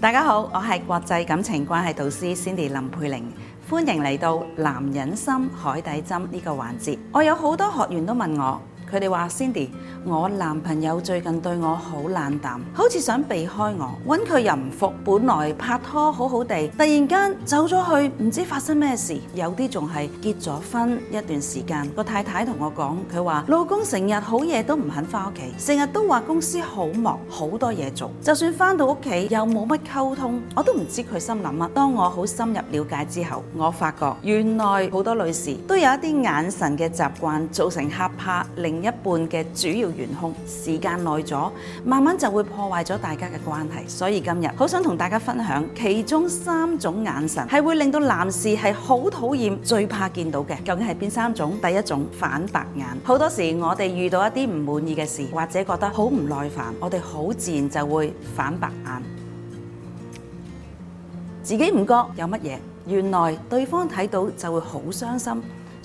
大家好，我係國際感情關係導師 Cindy 林佩玲，歡迎嚟到男人心海底針呢個環節。我有好多學員都問我。佢哋話 Cindy，我男朋友最近對我好冷淡，好似想避開我。揾佢又唔服。本來拍拖好好地，突然間走咗去，唔知發生咩事。有啲仲係結咗婚一段時間，個太太同我講，佢話老公成日好夜都唔肯翻屋企，成日都話公司好忙，好多嘢做，就算翻到屋企又冇乜溝通，我都唔知佢心諗乜。當我好深入了解之後，我發覺原來好多女士都有一啲眼神嘅習慣造成嚇怕，令一半嘅主要元凶。時間耐咗，慢慢就會破壞咗大家嘅關係。所以今日好想同大家分享，其中三種眼神係會令到男士係好討厭、最怕見到嘅，究竟係邊三種？第一種反白眼，好多時我哋遇到一啲唔滿意嘅事，或者覺得好唔耐煩，我哋好自然就會反白眼，自己唔覺有乜嘢，原來對方睇到就會好傷心。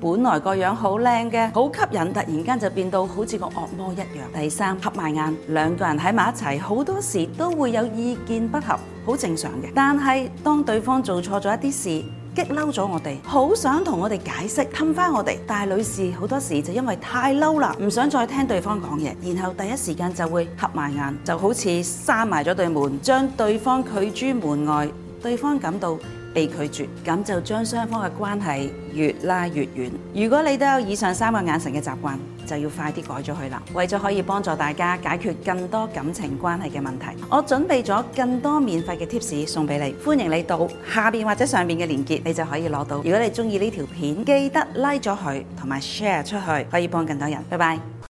本來個樣好靚嘅，好吸引，突然間就變到好似個惡魔一樣。第三，合埋眼，兩個人喺埋一齊，好多時都會有意見不合，好正常嘅。但係當對方做錯咗一啲事，激嬲咗我哋，好想同我哋解釋，氹翻我哋。但係女士好多時就因為太嬲啦，唔想再聽對方講嘢，然後第一時間就會合埋眼，就好似閂埋咗對門，將對方拒諸門外。對方感到被拒絕，咁就將雙方嘅關係越拉越遠。如果你都有以上三個眼神嘅習慣，就要快啲改咗佢啦。為咗可以幫助大家解決更多感情關係嘅問題，我準備咗更多免費嘅貼士送俾你，歡迎你到下面或者上面嘅連結，你就可以攞到。如果你中意呢條片，記得拉咗佢同埋 share 出去，可以幫更多人。拜拜。